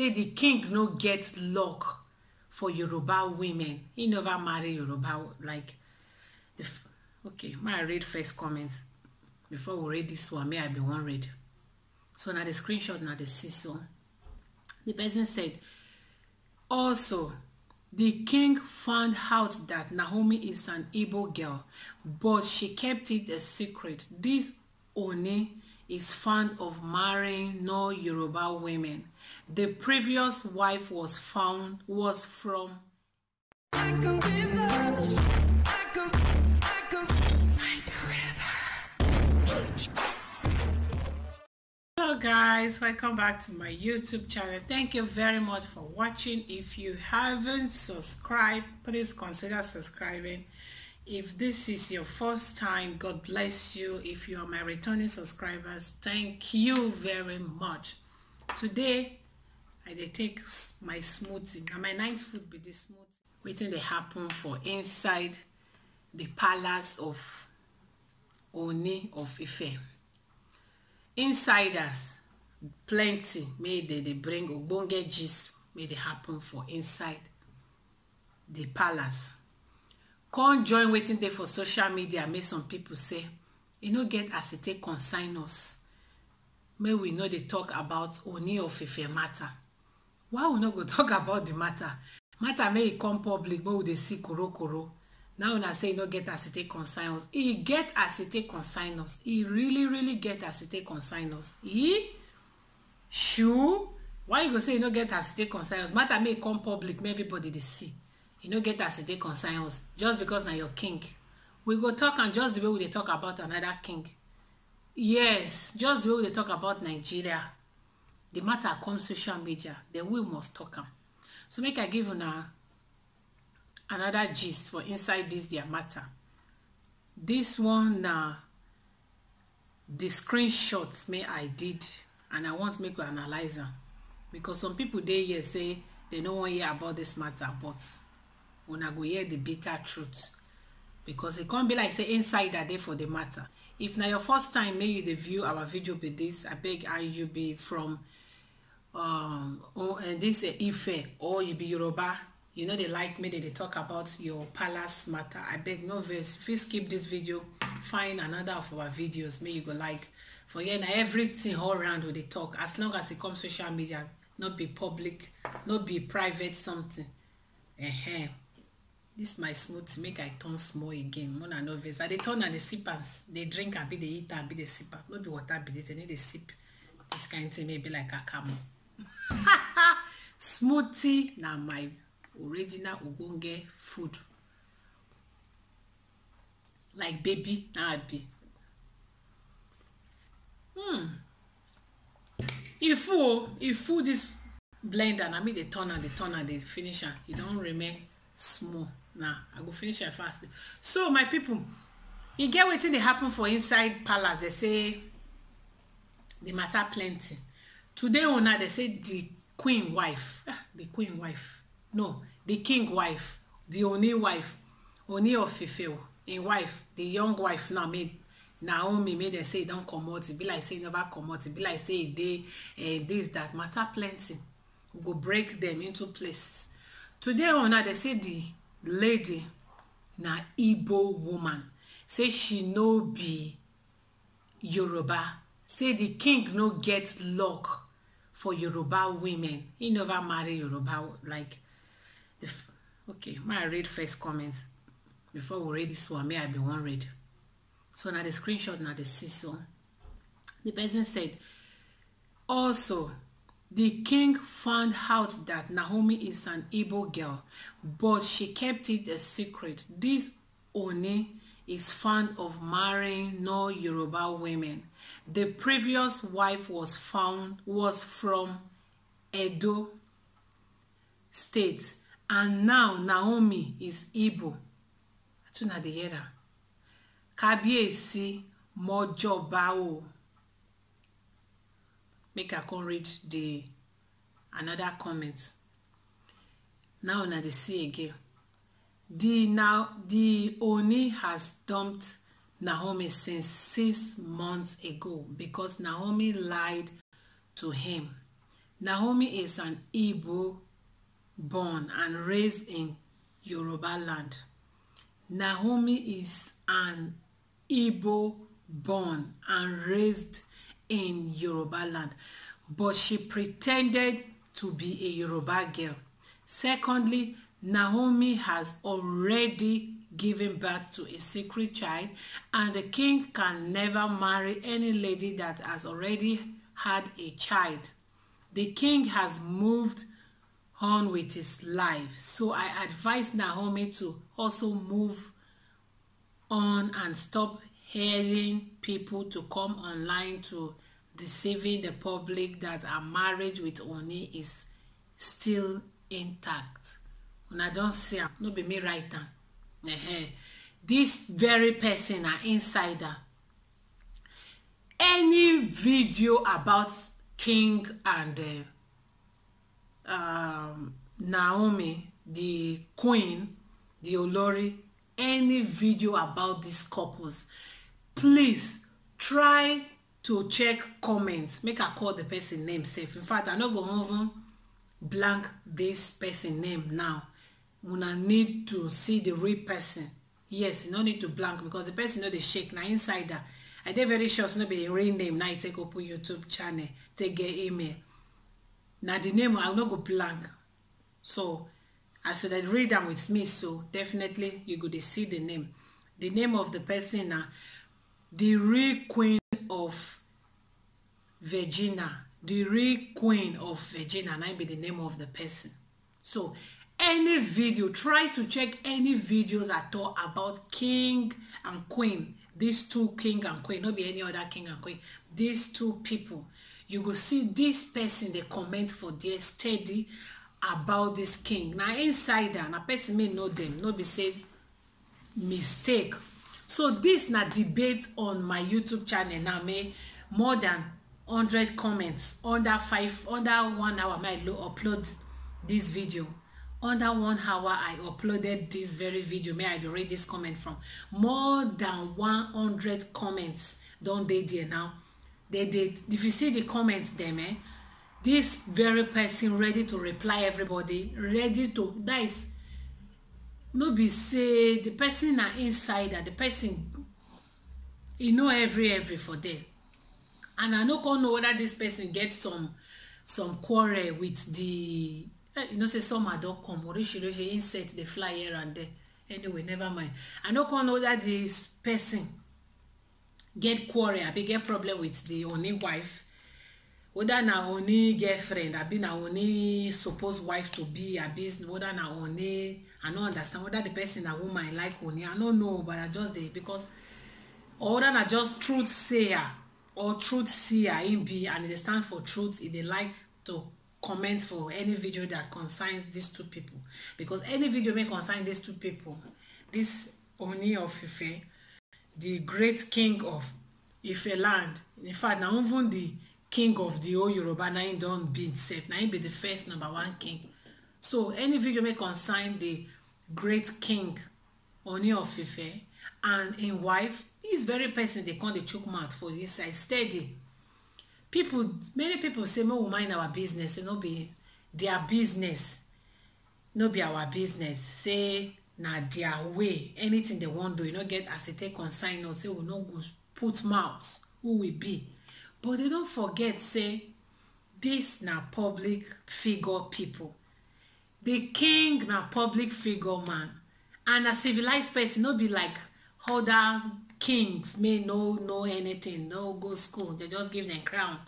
say the king no get luck for yoruba women he never marry yoruba like the okay may i read first comments before we read this one may i be one read so now the screenshot now the see the person said also the king found out that Naomi is an evil girl, but she kept it a secret. This Oni is fond of marrying no Yoruba women. The previous wife was found was from Hello guys welcome back to my youtube channel thank you very much for watching if you haven't subscribed please consider subscribing If this is your first time, God bless you. If you are my returning subscribers, thank you very much. Today, I take my smoothie. And my ninth food be the smoothie. Waiting, dey happen for inside the palace of Oni of Ife. Insiders plenty may they dey bring ogbonge gist may dey happen for inside the palace come join waiting dey for social media make some people say e no get as e take consign us make we no dey talk about Ooni of Ife matter why we no go talk about the matter matter may e come public but we dey see korokoro now una say e no get as e take consign us e get as e take consign us e really really get as e take consign us e sure why you go say e no get as e take consign us matter may e come public May everybody dey see You no get as e dey concern us just because na your king we go talk am just the way we dey talk about another king yes just the way we dey talk about nigeria the matter come social media then we must talk am so make i give una another gist for inside this dia matter This one na the screenshot may i did and i want make we analyse am because some people dey here say they no wan hear about this matter but una go hear the bitter truth because e con be like say insider dey for the matter if na your first time make you dey view our video be this abeg you be from um oh, this ife or you be yoruba you no dey like me dey talk about your palace matter abeg no vex fit skip this video find another of our videos make you go like for here na everything all round we dey talk as long as e come social media no be public no be private something uh -huh. This my smoothie make i turn small again more than no i dey turn and dey sip am dey drink abi dey eat abi dey sip am no be water be this i no dey sip this kind thing maybe e like akamu smoothie na my original ogbonge food like baby na i be hmm e full o e full this blender na me dey turn am dey turn am dey finish am e don remain small now i go finish am fast so my people you get wetin they happen for inside palace they say the matter plenty today una oh, they say the queen wife ah, the queen wife no the king wife the only wife only of Ife In oh, wife the young wife now make Naomi made dem say don't come out. be like say never come out. be like say they dey eh, this that matter plenty we go break them into place today una oh, they say the lady na igbo woman say she no be yoruba say the king no get luck for yoruba women he never marry yoruba like the okay may i read first comment before we read this one may i be one read so now the screenshot now the see so the person said also The king found out that Naomi is an Igbo girl, but she kept it a secret. This Oni is fond of marrying no Yoruba women. The previous wife was found was from Edo State, and now Naomi is Igbo. Atuna de Yera. mojo Mọ́jọ́bá o make i come read the another comment now na the see again the now the Oni has dumped Naomi since six months ago because Naomi lied to him. Naomi is an Igbo born and raised in Yoruba land. Naomi is an Igbo born and raised in Yoruba land, but she pretended to be a Yoruba girl. Secondly, Naomi has already given birth to a secret child, and the king can never marry any lady that has already had a child. The king has moved on with his life. So I advise Naomi to also move on and stop hearing people to come online to deceiving the public that her marriage with Oni is still intact una don see am no be me right now. uh -huh. this very person an insider any video about king and uh, um, naomi the queen the olori any video about these couples please try to check comments make i call the person name sef in fact i no go even blank this person name now una need to see the real person yes you no need to blank because the person no dey shake na insider i dey very sure say no be real name na e take open youtube channel take get email na the name i no go blank so as you dey read am with me so definitely you go dey see the name the name of the person na the real queen of virginia the real queen of virginia na be the name of the person so any video try to check any videos at all about king and queen these two king and queen no be any other king and queen these two people you go see this person dey comment for there steady about this king na insider na person may know them no be say mistake so this na debate on my youtube channel now me more than 100 comments under five under one hour my upload this video under one hour i uploaded this very video may i read this comment from more than 100 comments Don't they, dear? now they did. if you see the comments them eh This very person ready to reply everybody ready to that is no be say the person na insider the person e know every every for there and i no come know whether this person get some some quarrel with the eh, you know say summer don come orisirisi insect dey fly here and there anyway never mind i no come know that this person get quarrel abi get problem with the Ooni wife whether na Ooni girlfriend abi na Ooni suppose wife to be abi whether na only i no understand whether the person na woman i like oni i no know but i just dey because or whether na just truth sayer or truth seer im e be and e dey stand for truth e dey like to comment for any video that concerns these two people because any video may concern these two people this Oni of Ife the great king of Ife land in fact na even the king of the whole Yoruba na him don be himself na him be the first number one king So any video may concern the great king Oni of Ife and im wife dis very person dey come dey chook mouth for inside steady people many people say make we mind our business say no be their business no be our business say na their way anything they wan do you no get as e take concern us say we no go put mouth who we be but they don forget say dis na public figure people the king na public figure man and a civilized person no be like other kings may no know anything no go school they just give them crown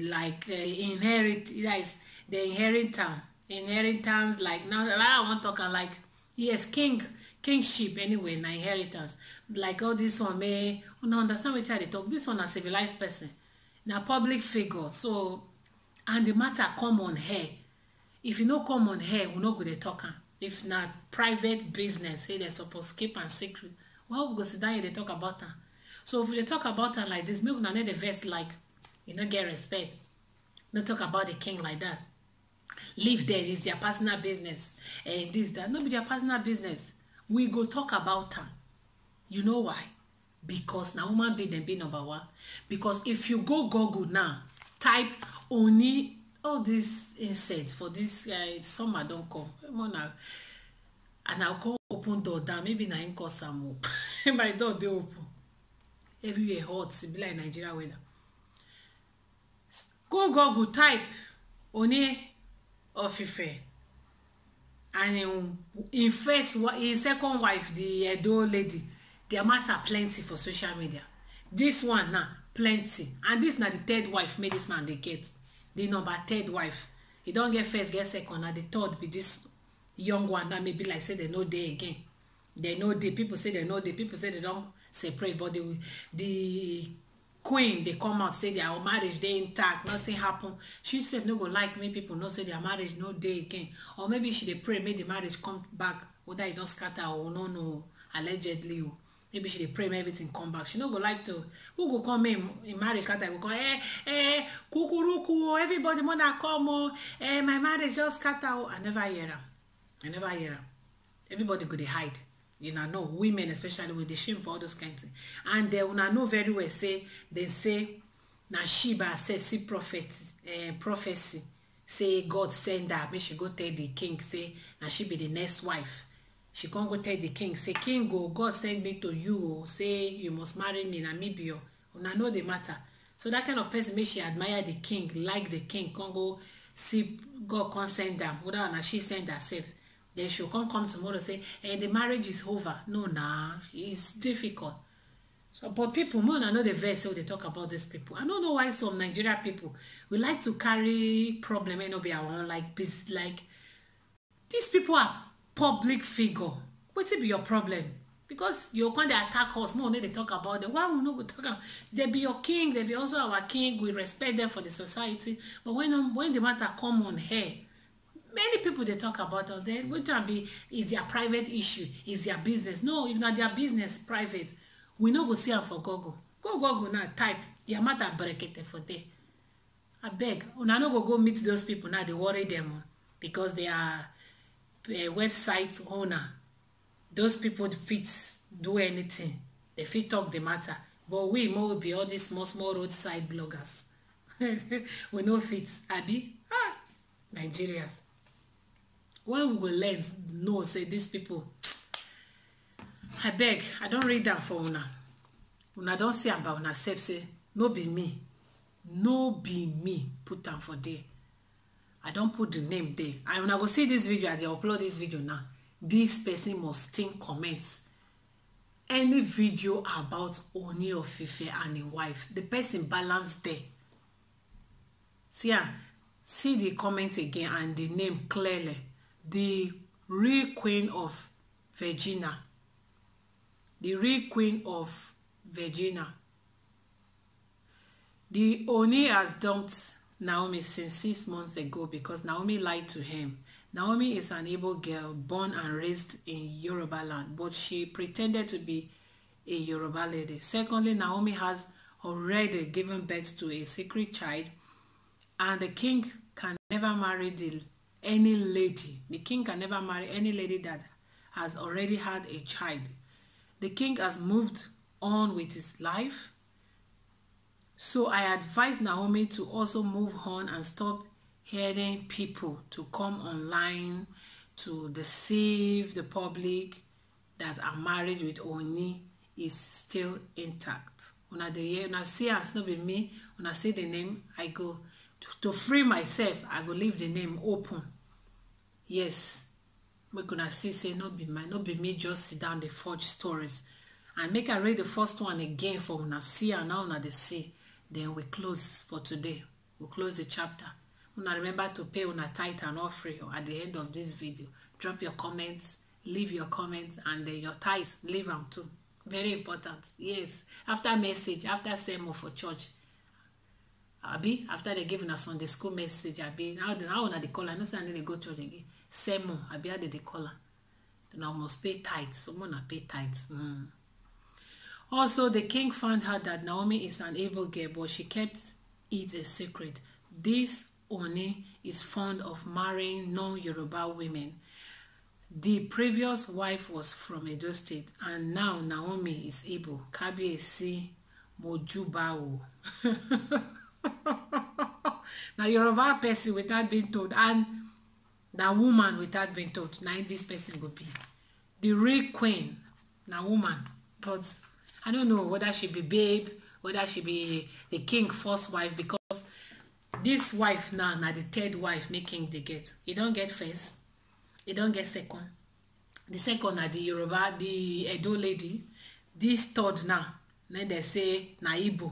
like uh, inherit yes the inheritance, am inheritance like now i wan talk like yes king kingship anyway na inheritance like all this one may oh, no, understand wetin i talk this one a civilized person na public figure so and the matter come on here if you no come on air we no go dey talk am if na private business say dem suppose keep am secret well we go sit down here dey talk about am so if we dey talk about am like this make una no dey vex like you no get respect no talk about the king like that leave there. it's their personal business and eh, this that no be their personal business we go talk about am you know why because na woman be dem be number one because if you go google now type oni all these insects for this uh, summer don come omo na and i come open door down maybe na him cause am o my door dey open everywhere hot e be like nigeria weather go google type Ooni of Ife and him him first him second wife the Edo lady their matter plenty for social media this one now plenty and this na the third wife make this man dey get the number third wife e don get first get second and the third be this young one that maybe like say they no dey again they no dey people say they no dey people say dem don separate but the the queen dey come out say their marriage dey intact nothing happen she sef no go like make people know say their marriage no dey again or maybe she dey pray make the marriage come back whether e don scatter or no no allegedly o. Oh maybe she dey pray make everything come back she no go like to who go come in in marriage later go come eh eh kukuruku everybody mother come oh eh my marriage just scatter oh i never hear am i never hear am everybody go dey hide una know women especially we dey shame for all those kind thing and uh, una know very well say dem say na she by herself see prophet uh, prophecy say god send her make she go tell the king say na she be the next wife she con go tell the king say king o oh, god send me to you o oh, say you must marry me oh, na me be o una no dey matter so that kind of person make she admire the king like the king con go see god con send am whether na she send herself then she con come tomorrow say eh the marriage is over no nah, it's difficult so but people more na know the verse. say we talk about these people i don't know why some nigeria people we like to carry problem wey no be our own like this like these people are public figure wetin be your problem because you come dey attack us more no dey talk about them why we no go talk am dem be your king They be also our king we respect them for the society but when um, when the matter come on air many people dey talk about them then wetin am be is their private issue is their business no if na their business private we no go see am for google go google now type their matter berekete for there abeg una no go go meet those people now dey worry them oh, because they are uh, website owner those people fit do anything they fit talk the matter but we more be all these small small roadside bloggers we no fit abi ah nigerians when we go learn know say these people I beg, i don't read that for una una don't see about by una sef say no be me no be me put am for there i don put the name there and when I go see this video i dey upload this video now this person must think comment any video about Oni of and im wife the person balance there see am ah, see the comment again and the name clearly the real queen of Virginia the real queen of Virginia the Oni has dumped Naomi since six months ago because Naomi lied to him. Naomi is an Igbo girl born and raised in Yoruba land, but she pretended to be a Yoruba lady. Secondly, Naomi has already given birth to a secret child, and the king can never marry the, any lady. The king can never marry any lady that has already had a child. The king has moved on with his life So I advised Naomi to also move on and stop hearing people to come online to deceive the public that her marriage with Oni is still intact. When I, hear, when I see her, it's not with me. When I see the name, I go to free myself. I go leave the name open. Yes, we gonna see say not be my, not be me. Just sit down the forged stories, and make I read the first one again for when I see her now. When I see then we close for today we close the chapter una remember to pay una tithe and offering at the end of this video drop your comments leave your comments and then your tithes leave them too very important yes after message after sermon for church abi after they give una sunday school message abi Now, they how una dey call am no say i no dey go church again sermon abi how they dey call am una must pay tithe Someone una pay tithe. Mm. Also, the king found out that Naomi is an able girl, but she kept it a secret. This Oni is fond of marrying non-Yoruba women. The previous wife was from Edo State, and now Naomi is able. Kabiyesi Mojubao. Now Yoruba person without being told, and na woman without being told, now this person will be. The real queen, Now woman, but I don't know whether she be babe, whether she be the king first wife because this wife now now the third wife making king get. E don't get first, e don't get second. The second na the Yoruba, the Edo lady. This third now, then they say naibu,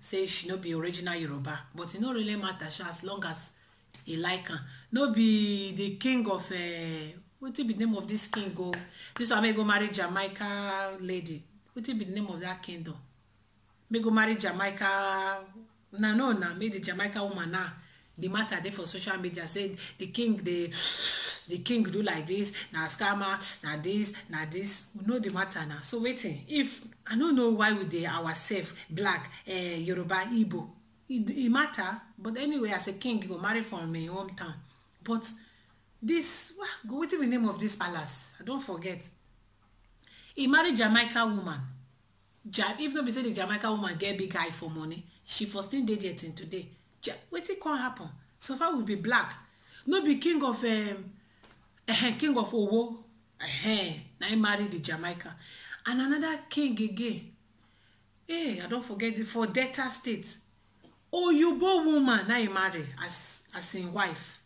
say she no be original Yoruba, but it e no really matter sha as long as he like her, No be the king of uh, wetin the name of this king go? This one may go marry Jamaica lady wetin be the name of that kingdom make go marry jamaica na no na make the jamaica woman now the matter dey for social media say the king dey the king do like this na scammer na this na this we know the matter na so wetin if i no know why we dey ourself black uh, yoruba igbo e, matter but anyway as a king he go marry from im hometown but this wetin be name of this palace i don forget e marry jamaica woman ja if no be say the jamaica woman get big eye for money she for still dey there till today ja wetin come happen so far we be black no be king of um, uh, king of owo uh, na him marry the jamaica and another king again hey eh, i don forget the for delta state oyibo woman na him marry as as him wife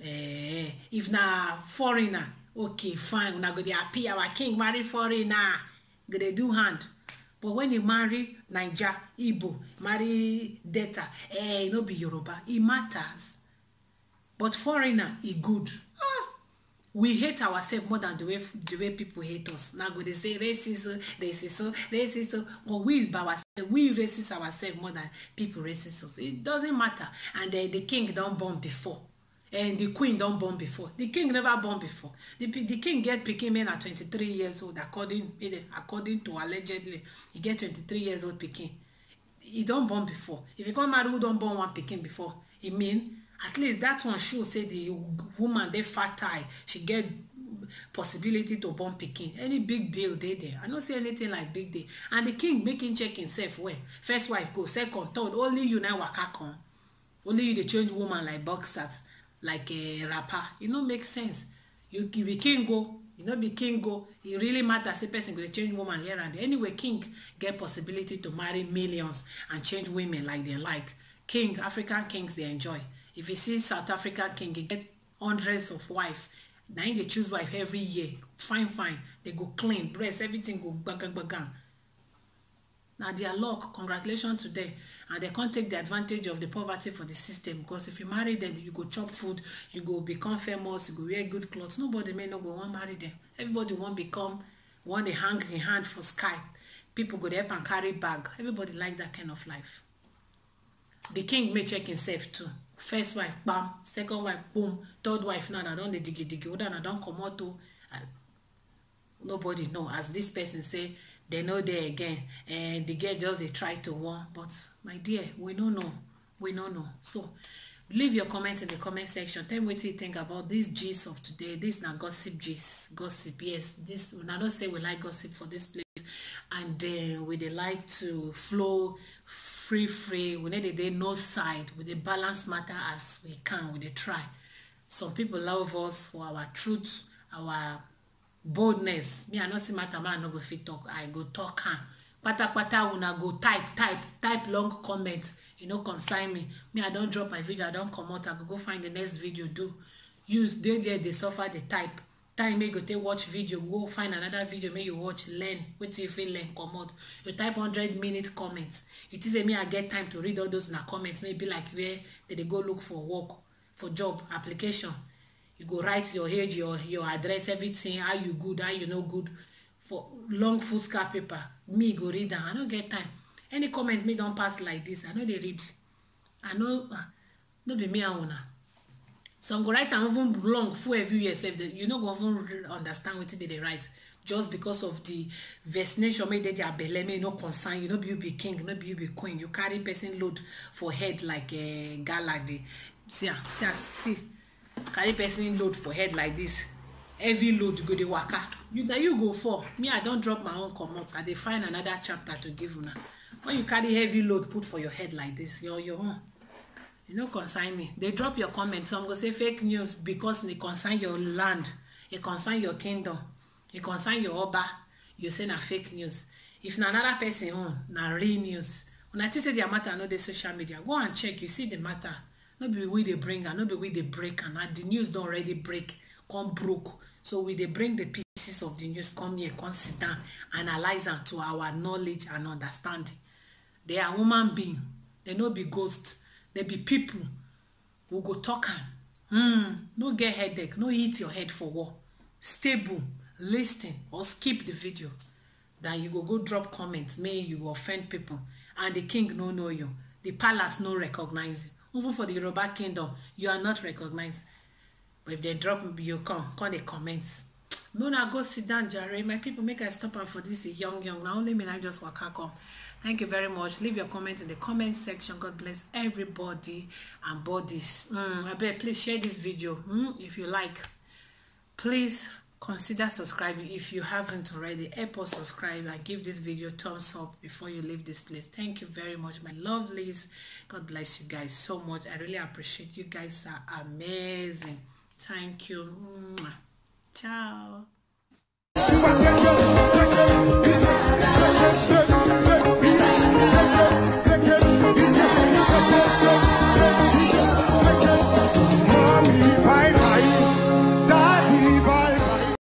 eh, if na foreigner okay fine una go dey happy our king marry foreigner go dey do hand but when he marry naija igbo marry delta eh no be yoruba e matters but foreigner e good ah we hate ourselves more than the way the way people hate us na go dey say racism racism racism but we by ourselves we racist ourselves more than people racist us it doesn't matter and uh, the king don born before and the queen don born before the king never born before the the king get pikin men na 23 years old according according to allegedly he get 23 years old pikin He don born before if you come marry who don born one pikin before e mean at least that one show say the woman dey fertile she get possibility to born pikin any big deal dey there i no see anything like big deal and the king make him check himself well first wife go second third only you na waka come only you dey change woman like boxers like a rapper e no make sense you, be king go, oh. you no be king go. Oh. e really matter say person go dey change woman here and there anyway king get possibility to marry millions and change women like dem like king african kings dey enjoy if you see south african king e get hundreds of wife na him dey choose wife every year fine fine dey go clean breast everything go gbagagbagan na their luck congratulations to them and they can't take the advantage of the poverty for the system because if you marry them you go chop food you go become famous you go wear good clothes nobody may not go wan marry them everybody wan become wan dey hang im hand for sky people go dey help am carry bag everybody like that kind of life the king may check himself too first wife bam second wife boom third wife now na don dey digidigi oda na don comot o nobody know as this person say they know dey again and the girl just they try to warn but my dear we no know we no know so leave your comments in the comment section tell me what you think about this gist of today this now gossip gist gossip yes this una know say we like gossip for this place and uh, we they like to flow free free we need dey dey no side we dey balance matter as we can we dey try some people love us for our truth our boldness me i no see matter man i no go fit talk i go talk am patapata una go type type type long comment e no concern me me i don drop my video i don comot i go go find the next video do use dey there dey suffer the type time make you take watch video go find another video make you watch learn wetin you fit learn comot you type hundred minute comment you think say me i get time to read all those na comment make be like where dem dey go look for work for job application you go write your age your your address everything how you good how you no good for long foolscap paper me go read am i no get time any comment me don pass like this i no dey read i no no be me and una some go write am even long full every year sef you no go even understand wetin dey dey write just because of the vaccination wey dey their belle may e no concern you no be you be king no be you be queen you carry person load for head like uh, eh, gala dey see am see am see carry person load for head like this heavy load go dey waka you na you go fall me i don drop my own comot i dey find another chapter to give una when you carry heavy load put for your head like this your your own you e no concern me dey drop your comment some go say fake news because e concern your land e concern your kingdom e concern your oba you say na fake news if na another person own na real news una think say their matter no dey social media go and check you see the matter no be we dey bring am no be we dey break am and the news don already break come broke so we dey bring the pieces of the news come here come sit down analyze am to our knowledge and understanding they are human being they no be ghost they be people we go talk am hmm no get headache no hit your head for wall stable lis ten or skip the video Then you go go drop comment may you offend people and the king no know you the palace no recognize you even for the yoruba kingdom you are not recognized but if they drop you come come they comment no na go sit down jare my people make i stop am for this young young na only me na just waka come thank you very much leave your comment in the comment section god bless everybody and bodies mm, abeg please share this video mm, if you like please consider subscribing if you haven't already Apple subscribe and give this video thumbs up before you leave this place thank you very much my lovelies god bless you guys so much i really appreciate you guys are amazing thank you ciao